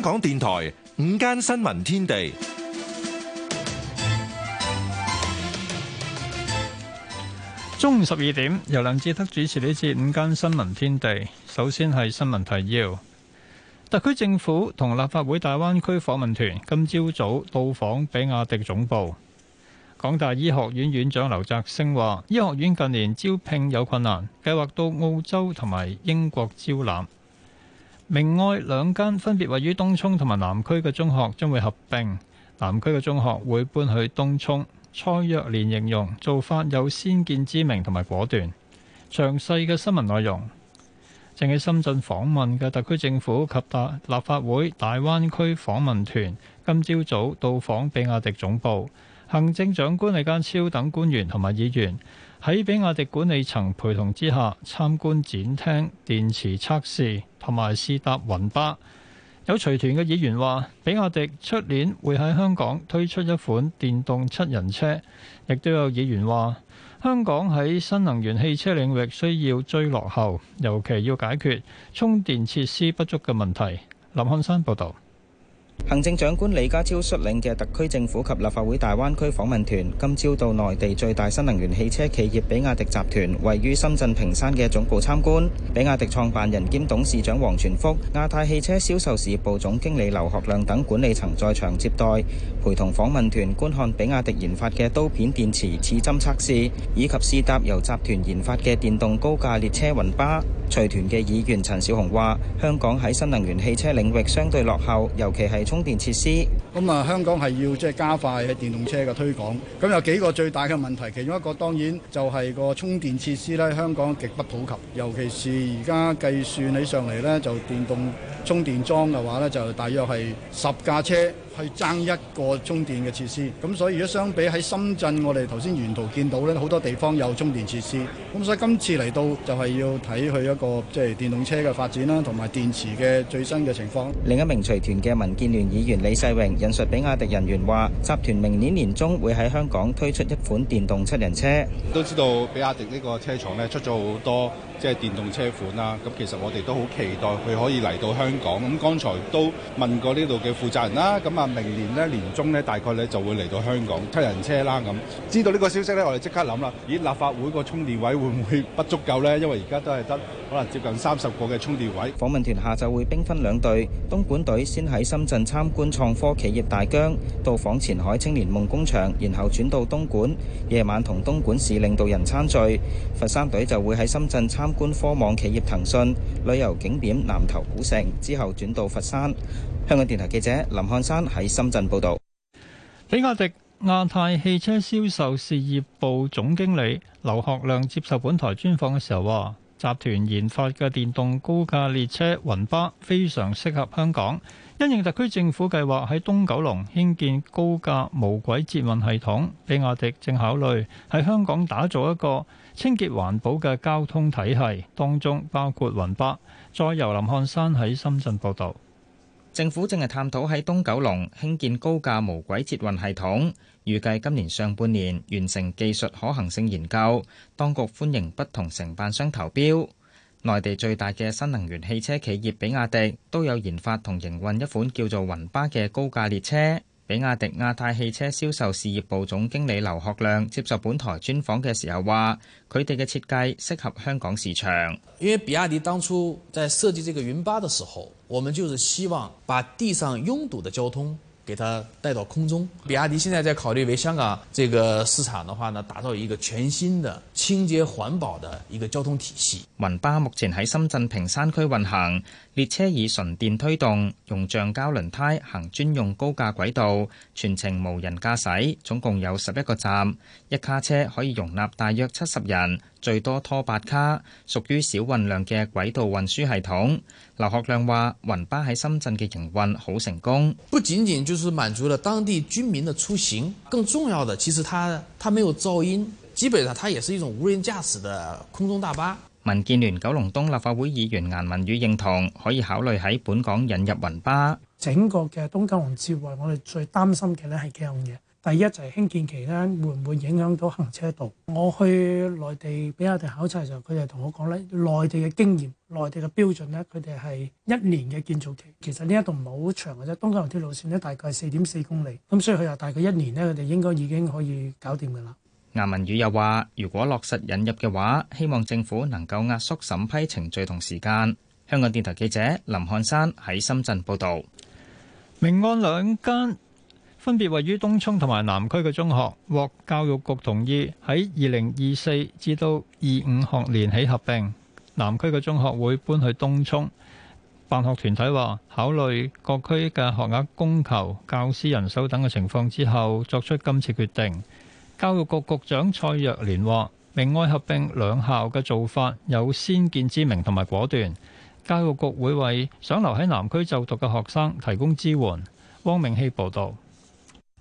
香港電台午間新聞天地，中午十二點由梁志德主持呢節午間新聞天地。首先係新聞提要：特區政府同立法會大灣區訪問團今朝早到訪比亞迪總部。港大醫學院院長劉澤星話，醫學院近年招聘有困難，計劃到澳洲同埋英國招攬。另外，兩間分別位於東涌同埋南區嘅中學將會合併，南區嘅中學會搬去東涌。蔡若蓮形容做法有先見之明同埋果斷。詳細嘅新聞內容，正喺深圳訪問嘅特區政府及大立法會大灣區訪問團今朝早到訪比亞迪總部，行政長官李家超等官員同埋議員。喺比亞迪管理層陪同之下參觀展廳、電池測試同埋試搭雲巴。有隨團嘅議員話，比亞迪出年會喺香港推出一款電動七人車。亦都有議員話，香港喺新能源汽車領域需要追落後，尤其要解決充電設施不足嘅問題。林漢山報道。行政長官李家超率領嘅特區政府及立法會大灣區訪問團今朝到內地最大新能源汽車企業比亞迪集團位於深圳坪山嘅總部參觀。比亞迪創辦人兼董事長王傳福、亞太汽車銷售事業部總經理劉學亮等管理層在場接待，陪同訪問團觀看比亞迪研發嘅刀片電池刺針測試，以及試搭由集團研發嘅電動高架列車雲巴。隨團嘅議員陳小紅話：香港喺新能源汽車領域相對落後，尤其係。充電設施咁啊，香港係要即係加快電動車嘅推廣。咁有幾個最大嘅問題，其中一個當然就係個充電設施咧。香港極不普及，尤其是而家計算起上嚟呢，就電動充電樁嘅話呢，就大約係十架車。去爭一個充電嘅設施，咁所以如果相比喺深圳，我哋頭先沿途見到咧，好多地方有充電設施。咁所以今次嚟到就係要睇佢一個即係、就是、電動車嘅發展啦，同埋電池嘅最新嘅情況。另一名隨團嘅民建聯議員李世榮引述比亞迪人員話：集團明年年中會喺香港推出一款電動七人車。都知道比亞迪呢個車廠咧出咗好多。即係電動車款啦，咁其實我哋都好期待佢可以嚟到香港。咁剛才都問過呢度嘅負責人啦，咁啊明年咧年中咧大概咧就會嚟到香港七人車啦。咁知道呢個消息咧，我哋即刻諗啦，咦立法會個充電位會唔會不足夠咧？因為而家都係得可能接近三十個嘅充電位。訪問團下晝就會兵分兩隊東莞隊先喺深圳參觀創科企業大疆，到訪前海青年夢工場，然後轉到東莞，夜晚同東莞市領導人餐聚。佛山隊就會喺深圳參。官科網企業騰訊、旅遊景點南頭古城，之後轉到佛山。香港電台記者林漢山喺深圳報道。比亞迪亞太汽車銷售事業部總經理劉學亮接受本台專訪嘅時候話，集團研發嘅電動高架列車雲巴非常適合香港。因應特區政府計劃喺東九龍興建高架無軌捷運系統，比亞迪正考慮喺香港打造一個清潔環保嘅交通體系當中，包括雲巴。再由林漢山喺深圳報道。政府正係探討喺東九龍興建高架無軌捷運系統，預計今年上半年完成技術可行性研究。當局歡迎不同承辦商投標。內地最大嘅新能源汽車企業比亞迪都有研發同營運一款叫做雲巴嘅高架列車。比亞迪亞太汽車銷售事業部總經理劉學亮，亮接受本台專訪嘅時候話，佢哋嘅設計適合香港市場。因為比亞迪當初在設計這個雲巴嘅時候，我們就是希望把地上擁堵的交通。給它帶到空中。比亞迪現在在考慮為香港這個市場的話呢，打造一個全新的清潔環保的一個交通體系。雲巴目前喺深圳坪山區運行，列車以純電推動，用橡膠輪胎行專用高架軌道，全程無人駕駛，總共有十一個站，一卡車可以容納大約七十人。最多拖八卡，屬於小運量嘅軌道運輸系統。劉學亮話：雲巴喺深圳嘅營運好成功。不僅僅就是滿足了當地居民嘅出行，更重要的其實它它沒有噪音，基本上它也是一種無人駕駛嘅空中大巴。民建聯九龍東立法會議員顏文宇認同，可以考慮喺本港引入雲巴。整個嘅東九龍智慧，我哋最擔心嘅呢係幾樣嘢。第一就係興建期間會唔會影響到行車道？我去內地比亞迪考察嘅時候，佢就同我講咧，內地嘅經驗、內地嘅標準咧，佢哋係一年嘅建造期。其實呢一度唔係好長嘅啫。東江路條路線咧，大概四點四公里，咁所以佢話大概一年呢，佢哋應該已經可以搞掂嘅啦。顏汶羽又話：如果落實引入嘅話，希望政府能夠壓縮審批程序同時間。香港電台記者林漢山喺深圳報道。明暗兩間，分別位於東涌同埋南區嘅中學，獲教育局同意喺二零二四至到二五學年起合併。南區嘅中學會搬去東涌。辦學團體話，考慮各區嘅學額供求、教師人手等嘅情況之後，作出今次決定。教育局局長蔡若蓮話：明愛合併兩校嘅做法有先見之明同埋果斷。教育局會為想留喺南區就讀嘅學生提供支援。汪明希報導。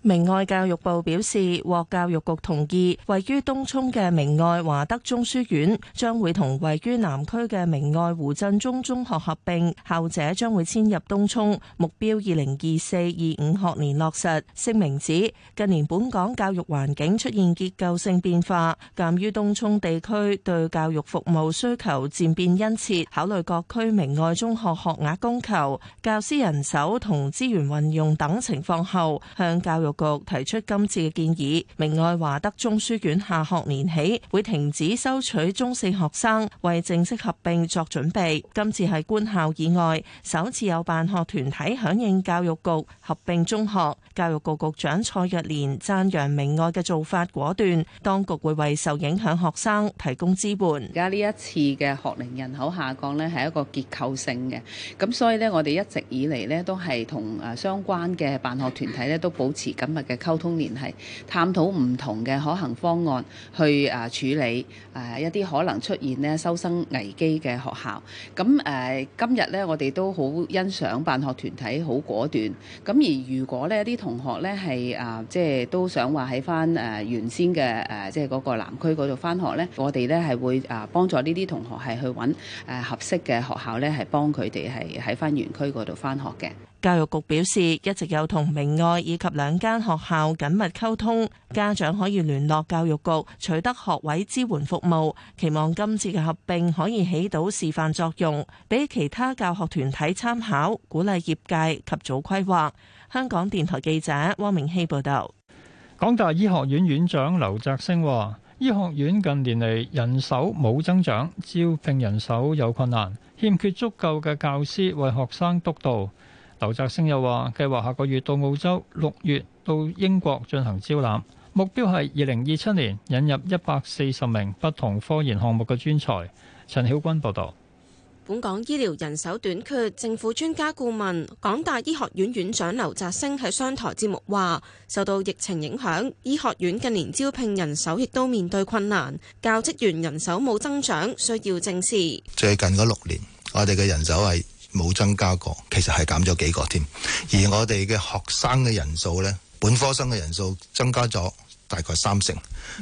明愛教育部表示獲教育局同意，位於東涌嘅明愛華德中書院將會同位於南區嘅明愛胡振中中學合併，後者將會遷入東涌，目標二零二四二五學年落實。聲明指近年本港教育環境出現結構性變化，鑒於東涌地區對教育服務需求漸變殷切，考慮各區明愛中學學額供求、教師人手同資源運用等情況後，向教育教育局提出今次嘅建議，明愛華德中書院下學年起會停止收取中四學生，為正式合併作準備。今次係官校以外首次有辦學團體響應教育局合併中學。教育局局長蔡若蓮讚揚明愛嘅做法果斷，當局會為受影響學生提供支援。而家呢一次嘅學齡人口下降咧，係一個結構性嘅，咁所以咧，我哋一直以嚟咧都係同誒相關嘅辦學團體咧都保持。今日嘅溝通聯繫，探討唔同嘅可行方案，去啊處理一啲可能出現呢收生危機嘅學校。咁今日呢，我哋都好欣賞辦學團體好果斷。咁而如果呢啲同學呢，係啊即係都想話喺返原先嘅即係嗰個南區嗰度返學呢，我哋呢係會啊幫助呢啲同學係去揾合適嘅學校呢係幫佢哋係喺返原區嗰度返學嘅。教育局表示，一直有同明愛以及兩間學校緊密溝通，家長可以聯絡教育局取得學位支援服務。期望今次嘅合併可以起到示範作用，俾其他教學團體參考，鼓勵業界及早規劃。香港電台記者汪明希報道。港大醫學院院長劉澤聲話，醫學院近年嚟人手冇增長，招聘人手有困難，欠缺足夠嘅教師為學生督導。劉澤星又話，計劃下個月到澳洲，六月到英國進行招攬，目標係二零二七年引入一百四十名不同科研項目嘅專才。陳曉君報道。本港醫療人手短缺，政府專家顧問港大醫學院院長劉澤星喺商台節目話，受到疫情影響，醫學院近年招聘人手亦都面對困難，教職員人手冇增長，需要正視。最近嗰六年，我哋嘅人手係。冇增加過，其實係減咗幾個添。而我哋嘅學生嘅人數咧，本科生嘅人數增加咗大概三成，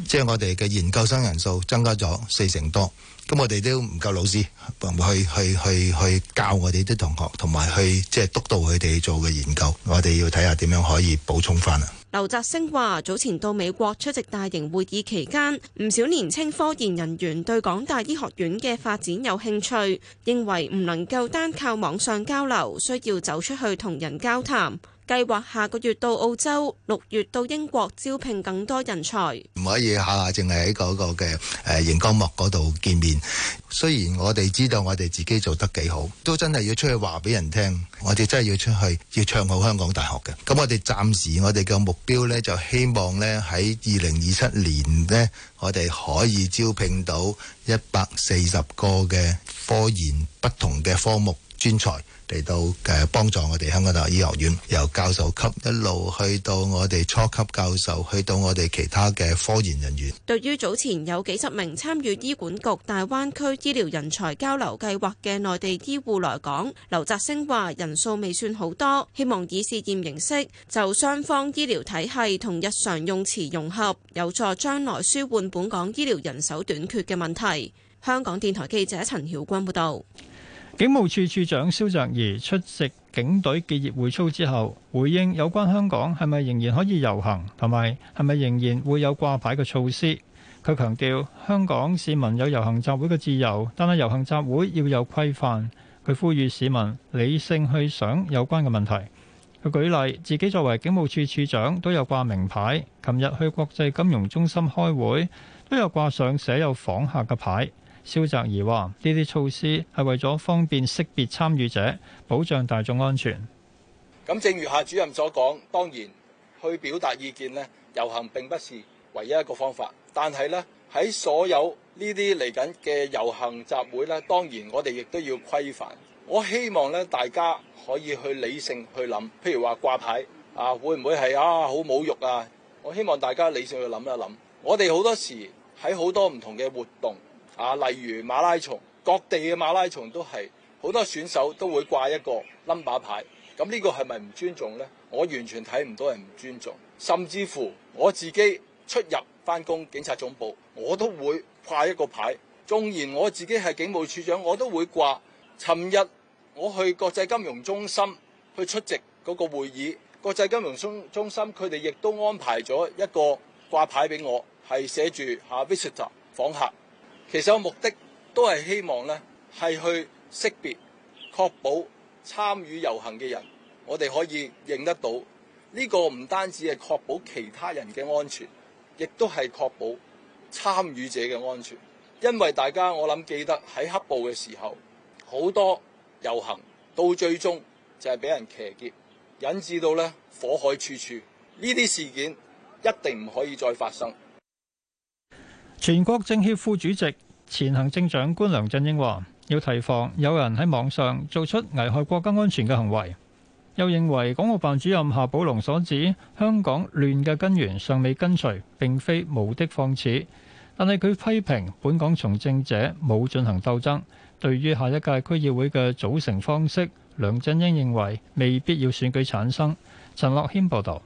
即係我哋嘅研究生人數增加咗四成多，咁我哋都唔夠老師去去去去教我哋啲同學，同埋去即係督導佢哋做嘅研究，我哋要睇下點樣可以補充翻啊。劉澤星話，早前到美國出席大型會議期間，唔少年青科研人員對港大醫學院嘅發展有興趣，認為唔能夠單靠網上交流，需要走出去同人交談。計劃下個月到澳洲，六月到英國招聘更多人才。唔可以下下淨係喺嗰個嘅誒熒光幕嗰度見面。雖然我哋知道我哋自己做得幾好，都真係要出去話俾人聽。我哋真係要出去要唱好香港大學嘅。咁我哋暫時我哋嘅目標呢，就希望呢喺二零二七年呢，我哋可以招聘到一百四十個嘅。科研不同嘅科目專才嚟到，誒幫助我哋香港大學醫學院，由教授級一路去到我哋初級教授，去到我哋其他嘅科研人員。對於早前有幾十名參與醫管局大灣區醫療人才交流計劃嘅內地醫護嚟講，劉澤星話人數未算好多，希望以試驗形式就雙方醫療體系同日常用詞融合，有助將來紓緩本港醫療人手短缺嘅問題。香港電台記者陳曉君報道，警務處處長蕭澤頤出席警隊結業會操之後，回應有關香港係咪仍然可以遊行，同埋係咪仍然會有掛牌嘅措施。佢強調，香港市民有遊行集會嘅自由，但係遊行集會要有規範。佢呼籲市民理性去想有關嘅問題。佢舉例，自己作為警務處處長都有掛名牌，琴日去國際金融中心開會都有掛上寫有訪客嘅牌。蕭澤怡話：呢啲措施係為咗方便識別參與者，保障大眾安全。咁，正如夏主任所講，當然去表達意見咧，遊行並不是唯一一個方法。但係咧，喺所有呢啲嚟緊嘅遊行集會咧，當然我哋亦都要規範。我希望咧，大家可以去理性去諗，譬如話掛牌啊，會唔會係啊好侮辱啊？我希望大家理性去諗一諗。我哋好多時喺好多唔同嘅活動。啊，例如馬拉松，各地嘅馬拉松都係好多選手都會掛一個 number 牌。咁呢個係咪唔尊重呢？我完全睇唔到係唔尊重，甚至乎我自己出入返工警察總部，我都會掛一個牌。縱然我自己係警務處長，我都會掛。尋日我去國際金融中心去出席嗰個會議，國際金融中中心佢哋亦都安排咗一個掛牌俾我，係寫住吓 visitor 訪客。其實我目的都係希望咧，係去識別、確保參與遊行嘅人，我哋可以認得到。呢個唔單止係確保其他人嘅安全，亦都係確保參與者嘅安全。因為大家我諗記得喺黑暴嘅時候，好多遊行到最終就係俾人騎劫，引致到咧火海處處。呢啲事件一定唔可以再發生。全國政協副主席、前行政長官梁振英話：要提防有人喺網上做出危害國家安全嘅行為。又認為港澳辦主任夏寶龍所指香港亂嘅根源尚未根除，並非無的放矢。但係佢批評本港從政者冇進行鬥爭。對於下一屆區議會嘅組成方式，梁振英認為未必要選舉產生。陳樂謙報道。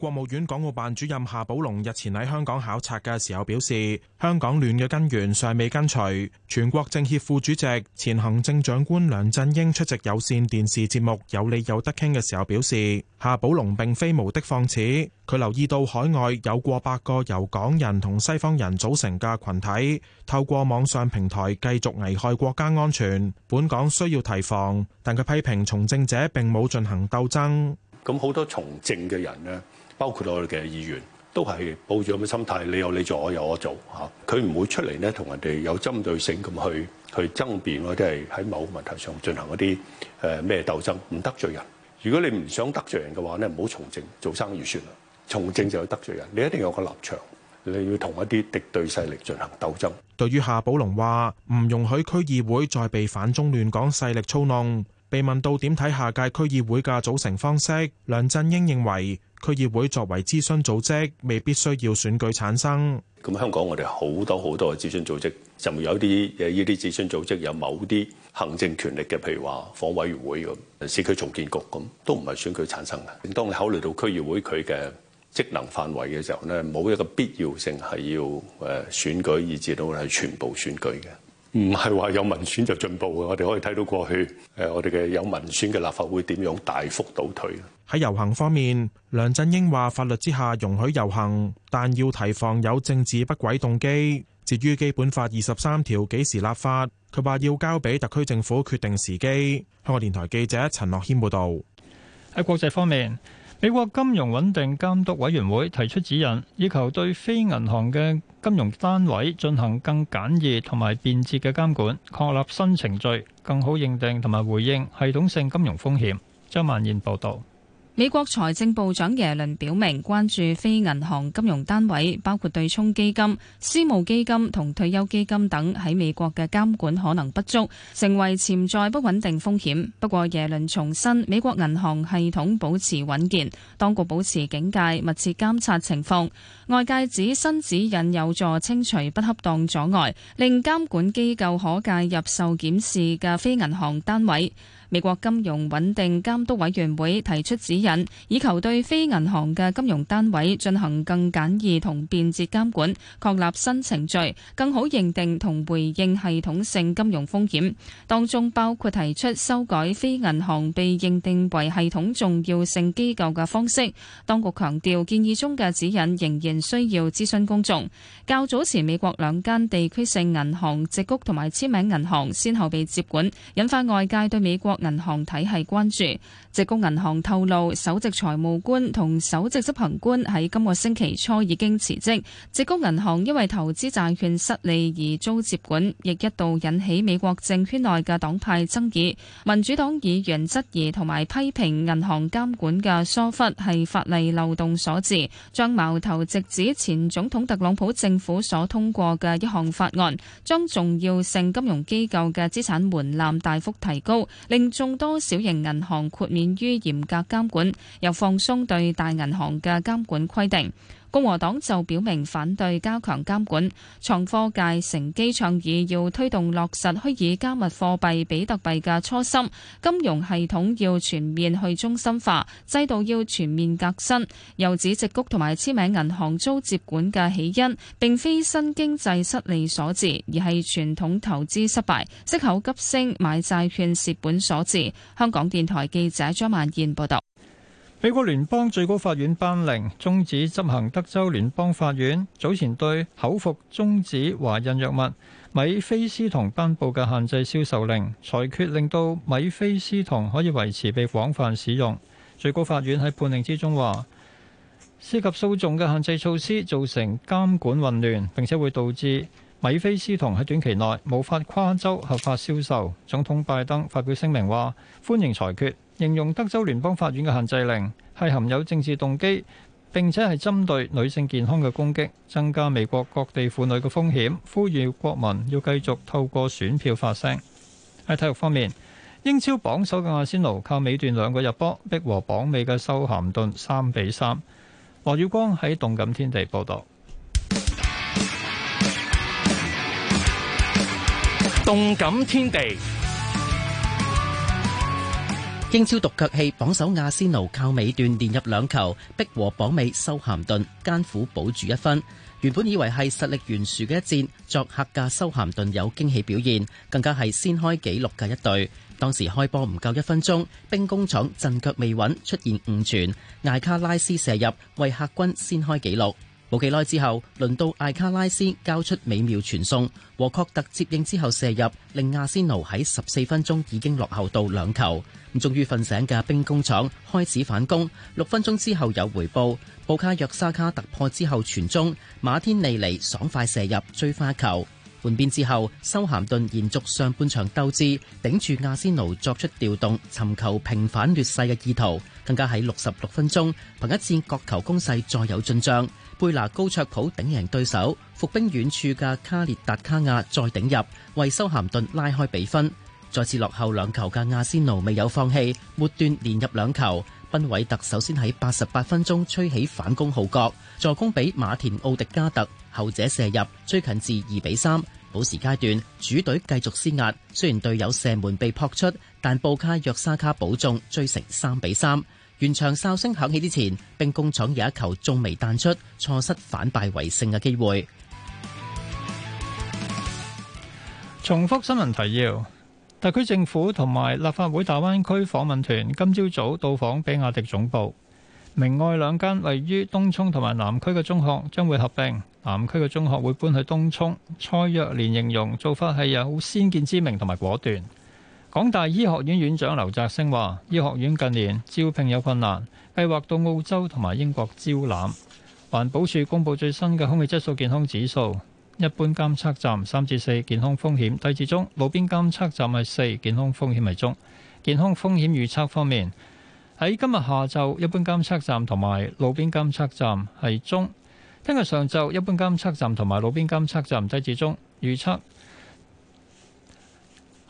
國務院港澳辦主任夏寶龍日前喺香港考察嘅時候表示，香港亂嘅根源尚未根除。全國政協副主席、前行政長官梁振英出席有線電視節目《有理有得傾》嘅時候表示，夏寶龍並非無的放矢。佢留意到海外有過百個由港人同西方人組成嘅群體，透過網上平台繼續危害國家安全，本港需要提防。但佢批評從政者並冇進行鬥爭。咁好多從政嘅人呢。包括我哋嘅議員，都係抱住咁嘅心態，你有你做，我有我做吓。佢唔會出嚟呢，同人哋有針對性咁去去爭辯，或者係喺某個問題上進行一啲誒咩鬥爭，唔得罪人。如果你唔想得罪人嘅話呢，唔好從政，做生意算啦。從政就要得罪人，你一定要有個立場，你要同一啲敵對勢力進行鬥爭。對於夏寶龍話：唔容許區議會再被反中亂港勢力操弄。被問到點睇下屆區議會嘅組成方式，梁振英認為區議會作為諮詢組織，未必需要選舉產生。咁香港我哋好多好多嘅諮詢組織，就有啲呢啲諮詢組織有某啲行政權力嘅，譬如話房委會咁、市區重建局咁，都唔係選舉產生嘅。當你考慮到區議會佢嘅職能範圍嘅時候呢，冇一個必要性係要誒選舉，以至到係全部選舉嘅。唔係話有民選就進步嘅，我哋可以睇到過去誒，我哋嘅有民選嘅立法會點樣大幅倒退。喺遊行方面，梁振英話法律之下容許遊行，但要提防有政治不軌動機。至於基本法二十三條幾時立法，佢話要交俾特區政府決定時機。香港電台記者陳樂謙報道。喺國際方面。美國金融穩定監督委員會提出指引，要求對非銀行嘅金融單位進行更簡易同埋便捷嘅監管，確立新程序，更好認定同埋回應系統性金融風險。張萬燕報導。美國財政部長耶倫表明，關注非銀行金融單位，包括對沖基金、私募基金同退休基金等喺美國嘅監管可能不足，成為潛在不穩定風險。不過，耶倫重申美國銀行系統保持穩健，當局保持警戒，密切監察情況。外界指新指引有助清除不恰當阻礙，令監管機構可介入受檢視嘅非銀行單位。美國金融穩定監督委員會提出指引，以求對非銀行嘅金融單位進行更簡易同便捷監管，確立新程序，更好認定同回應系統性金融風險。當中包括提出修改非銀行被認定為系統重要性機構嘅方式。當局強調，建議中嘅指引仍然需要諮詢公眾。較早前，美國兩間地區性銀行矽谷同埋簽名銀行，先後被接管，引發外界對美國。銀行體系關注，矽谷銀行透露首席財務官同首席執行官喺今個星期初已經辭職。矽谷銀行因為投資債券失利而遭接管，亦一度引起美國政圈內嘅黨派爭議。民主黨議員質疑同埋批評銀行監管嘅疏忽係法例漏洞所致，將矛頭直指前總統特朗普政府所通過嘅一項法案，將重要性金融機構嘅資產門檻大幅提高，令。眾多小型銀行豁免於嚴格監管，又放鬆對大銀行嘅監管規定。共和黨就表明反對加強監管，創科界乘機倡議要推動落實虛擬加密貨幣比特幣嘅初心，金融系統要全面去中心化，制度要全面革新。又指矽谷同埋簽名銀行遭接管嘅起因並非新經濟失利所致，而係傳統投資失敗、息口急升買債券蝕本所致。香港電台記者張曼燕報道。美國聯邦最高法院頒令終止執行德州聯邦法院早前對口服終止懷孕藥物米非司酮頒布嘅限制銷售令，裁決令到米非司酮可以維持被廣泛使用。最高法院喺判令之中話，涉及訴訟嘅限制措施造成監管混亂，並且會導致米非司酮喺短期內無法跨州合法銷售。總統拜登發表聲明話，歡迎裁決。形容德州聯邦法院嘅限制令係含有政治動機，並且係針對女性健康嘅攻擊，增加美國各地婦女嘅風險，呼籲國民要繼續透過選票發聲。喺體育方面，英超榜首嘅阿仙奴靠尾段兩個入波，逼和榜尾嘅修咸頓三比三。羅耀光喺動感天地報道。動感天地。英超獨腳戲，榜首亞仙奴靠尾段連入兩球，逼和榜尾修咸頓，艱苦保住一分。原本以為係實力懸殊嘅一戰，作客嘅修咸頓有驚喜表現，更加係先開紀錄嘅一隊。當時開波唔夠一分鐘，兵工廠陣腳未穩，出現誤傳，艾卡拉斯射入，為客軍先開紀錄。冇幾耐之後，輪到艾卡拉斯交出美妙傳送和確特接應之後射入，令亞仙奴喺十四分鐘已經落後到兩球。咁終於瞓醒嘅兵工廠開始反攻，六分鐘之後有回報，布卡約沙卡突破之後傳中，馬天尼尼爽快射入追花球。換邊之後，修咸頓延續上半場鬥志，頂住阿仙奴作出調動，尋求平反劣勢嘅意圖。更加喺六十六分鐘，憑一次角球攻勢再有進賬，貝拿高卓普頂贏對手，伏兵遠處嘅卡列達卡亞再頂入，為修咸頓拉開比分。再次落後兩球嘅阿仙奴未有放棄，末段連入兩球。賓韋特首先喺八十八分鐘吹起反攻號角，助攻俾馬田奧迪加特，後者射入，追近至二比三。補時階段，主隊繼續施壓，雖然隊友射門被撲出，但布卡約沙卡補中，追成三比三。完場哨聲響起之前，兵工廠有一球仲未彈出，錯失反敗為勝嘅機會。重複新聞提要。特區政府同埋立法會大灣區訪問團今朝早到訪比亞迪總部。明愛兩間位於東涌同埋南區嘅中學將會合併，南區嘅中學會搬去東涌。蔡若蓮形容做法係有先見之明同埋果斷。港大醫學院院長劉澤星話，醫學院近年招聘有困難，計劃到澳洲同埋英國招攬。環保署公布最新嘅空氣質素健康指數。一般監測站三至四健康風險低至中，路邊監測站係四健康風險係中。健康風險預測方面，喺今日下晝一般監測站同埋路邊監測站係中，聽日上晝一般監測站同埋路邊監測站低至中預測。預測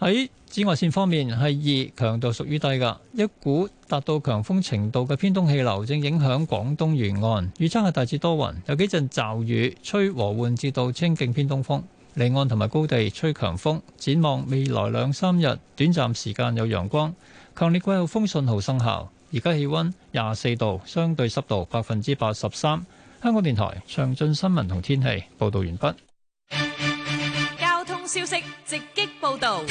喺紫外線方面係二，是2，強度屬於低噶。一股達到強風程度嘅偏東氣流正影響廣東沿岸，預測係大致多雲，有幾陣驟雨，吹和緩至到清勁偏東風。離岸同埋高地吹強風。展望未來兩三日短暫時間有陽光，強烈季候風信號生效。而家氣温廿四度，相對濕度百分之八十三。香港電台詳盡新聞同天氣報導完畢。交通消息直擊。報道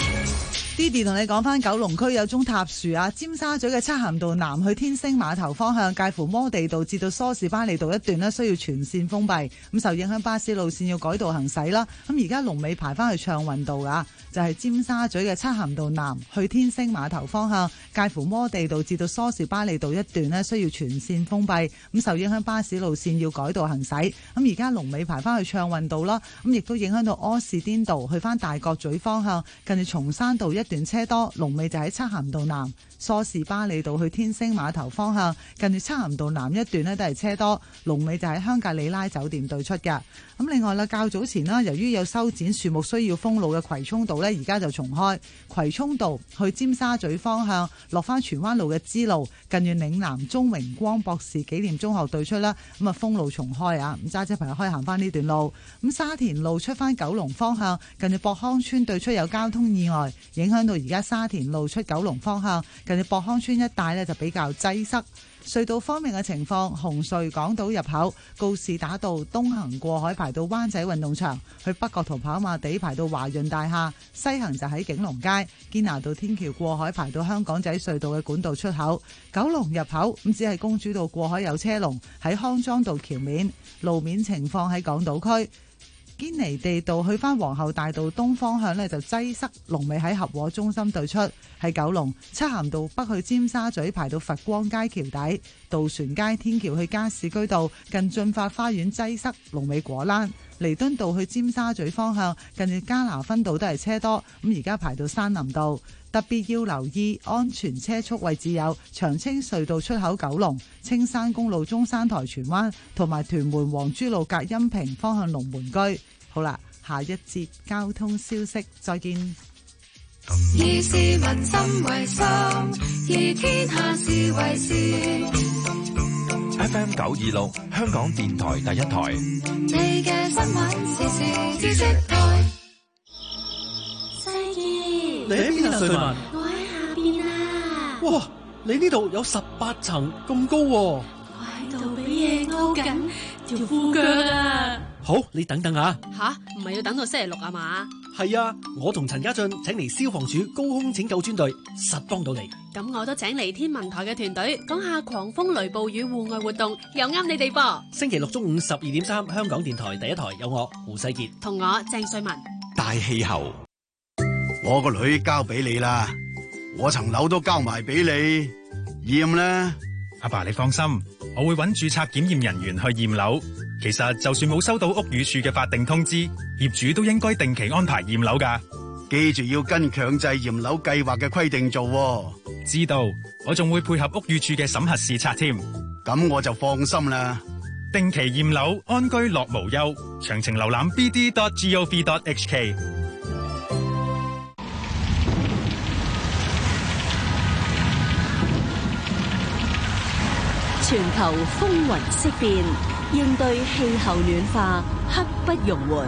d 同你講翻，九龍區有宗塌樹啊，尖沙咀嘅漆咸道南去天星碼頭方向，介乎摩地道至到梳士巴利道一段需要全線封閉，咁受影響巴士路線要改道行駛啦，咁而家龍尾排翻去暢運道啊。就係、是、尖沙咀嘅漆咸道南去天星碼頭方向，介乎麼地道至到梳士巴利道一段需要全線封閉，咁受影響巴士路線要改道行駛。咁而家龍尾排翻去暢運道啦，咁亦都影響到柯士甸道去翻大角咀方向，近住松山道一段車多，龍尾就喺漆咸道南梳士巴利道去天星碼頭方向，近住漆咸道南一段都係車多，龍尾就喺香格里拉酒店對出嘅。咁另外啦，較早前啦，由於有修剪樹木需要封路嘅葵涌道。咧，而家就重開葵涌道去尖沙咀方向，落翻荃灣路嘅支路，近住嶺南鍾榮光博士紀念中學對出啦。咁啊封路重開啊，揸車朋友可以行翻呢段路。咁沙田路出翻九龍方向，近住博康村對出有交通意外，影響到而家沙田路出九龍方向，近住博康村一帶呢，就比較擠塞。隧道方面嘅情況，紅隧港島入口告士打道東行過海排到灣仔運動場，去北角同跑馬地排到華潤大廈，西行就喺景隆街堅拿道天橋過海排到香港仔隧道嘅管道出口，九龍入口，咁只係公主道過海有車龍喺康莊道橋面。路面情況喺港島區。堅尼地道去翻皇后大道東方向呢，就擠塞龍尾喺合和中心對出，喺九龍漆咸道北去尖沙咀排到佛光街橋底，渡船街天橋去加士居道近駿發花園擠塞龍尾果欄。彌敦道去尖沙咀方向，近加拿分道都係車多，咁而家排到山林道。特別要留意安全車速位置，有長青隧道出口九、九龍青山公路中山台、荃灣同埋屯門皇珠路、隔音屏方向龍門居。好啦，下一節交通消息，再見。FM 九二六，香港電台第一台。你喺邊啊？瑞文？我喺下邊啊。哇，你呢度有十八層咁高喎！我喺度俾嘢勾緊條褲腳啊！好，你等等啊。吓，唔係要等到星期六啊嘛？係啊！我同陳家俊請嚟消防署高空拯救專隊，實幫到你。咁我都請嚟天文台嘅團隊講下狂風雷暴雨，戶外活動又啱你哋噃。星期六中午十二點三，香港電台第一台有我胡世杰同我鄭瑞文。大氣候，我個女交俾你啦，我層樓都交埋俾你驗啦。阿爸，你放心，我會搵註冊檢驗人員去驗樓。其實就算冇收到屋宇署嘅法定通知，業主都應該定期安排驗樓㗎。記住要跟強制驗樓計劃嘅規定做，知道？我仲會配合屋宇署嘅審核視察添。咁我就放心啦。定期驗樓，安居樂無憂。詳情瀏覽 bd.gov.hk。全球風雲色變。應對氣候暖化，刻不容緩。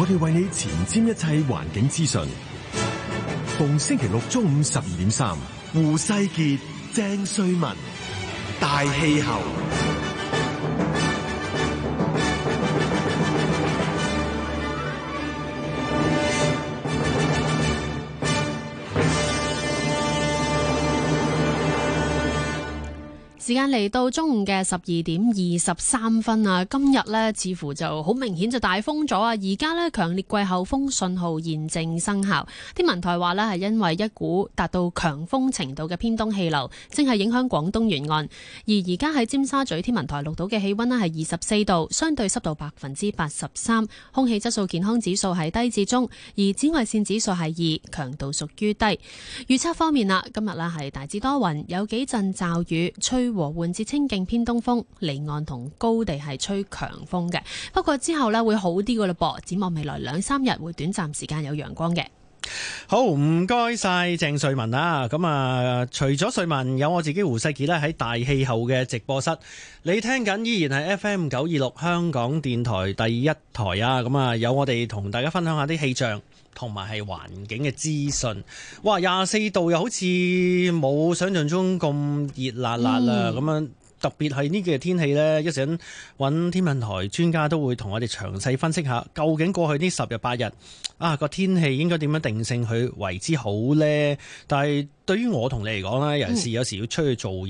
我哋為你前瞻一切環境資訊，逢星期六中午十二點三，胡世杰、鄭瑞文，大氣候。時間嚟到中午嘅十二點二十三分啊！今日呢似乎就好明顯就大風咗啊！而家呢強烈季候風信號現正生效。天文台話呢係因為一股達到強風程度嘅偏東氣流正係影響廣東沿岸。而而家喺尖沙咀天文台錄到嘅氣溫呢係二十四度，相對濕度百分之八十三，空氣質素健康指數係低至中，而紫外線指數係二，強度屬於低。預測方面啦，今日呢係大致多雲，有幾陣驟雨，吹。和緩至清勁偏東風，離岸同高地係吹強風嘅。不過之後咧會好啲噶咯噃，展望未來兩三日會短暫時間有陽光嘅。好，唔該晒鄭瑞文啦。咁啊，除咗瑞文，有我自己胡世傑咧喺大氣候嘅直播室。你聽緊依然係 FM 九二六香港電台第一台啊。咁啊，有我哋同大家分享下啲氣象。同埋係環境嘅資訊，哇！廿四度又好似冇想象中咁熱辣辣啦，咁、嗯、樣特別係呢幾日天氣咧，一陣揾天文台專家都會同我哋詳細分析下，究竟過去呢十日八日啊個天氣應該點樣定性去為之好咧？但係對於我同你嚟講咧，有陣時有時要出去做。